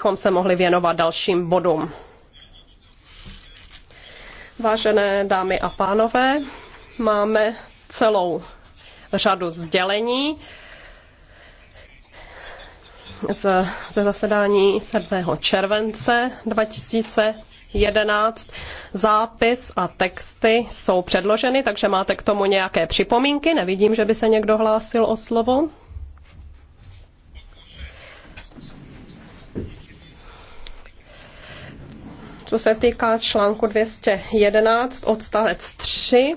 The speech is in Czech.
abychom se mohli věnovat dalším bodům. Vážené dámy a pánové, máme celou řadu sdělení ze zasedání 7. července 2011. Zápis a texty jsou předloženy, takže máte k tomu nějaké připomínky. Nevidím, že by se někdo hlásil o slovo. Co se týká článku 211 odstavec 3,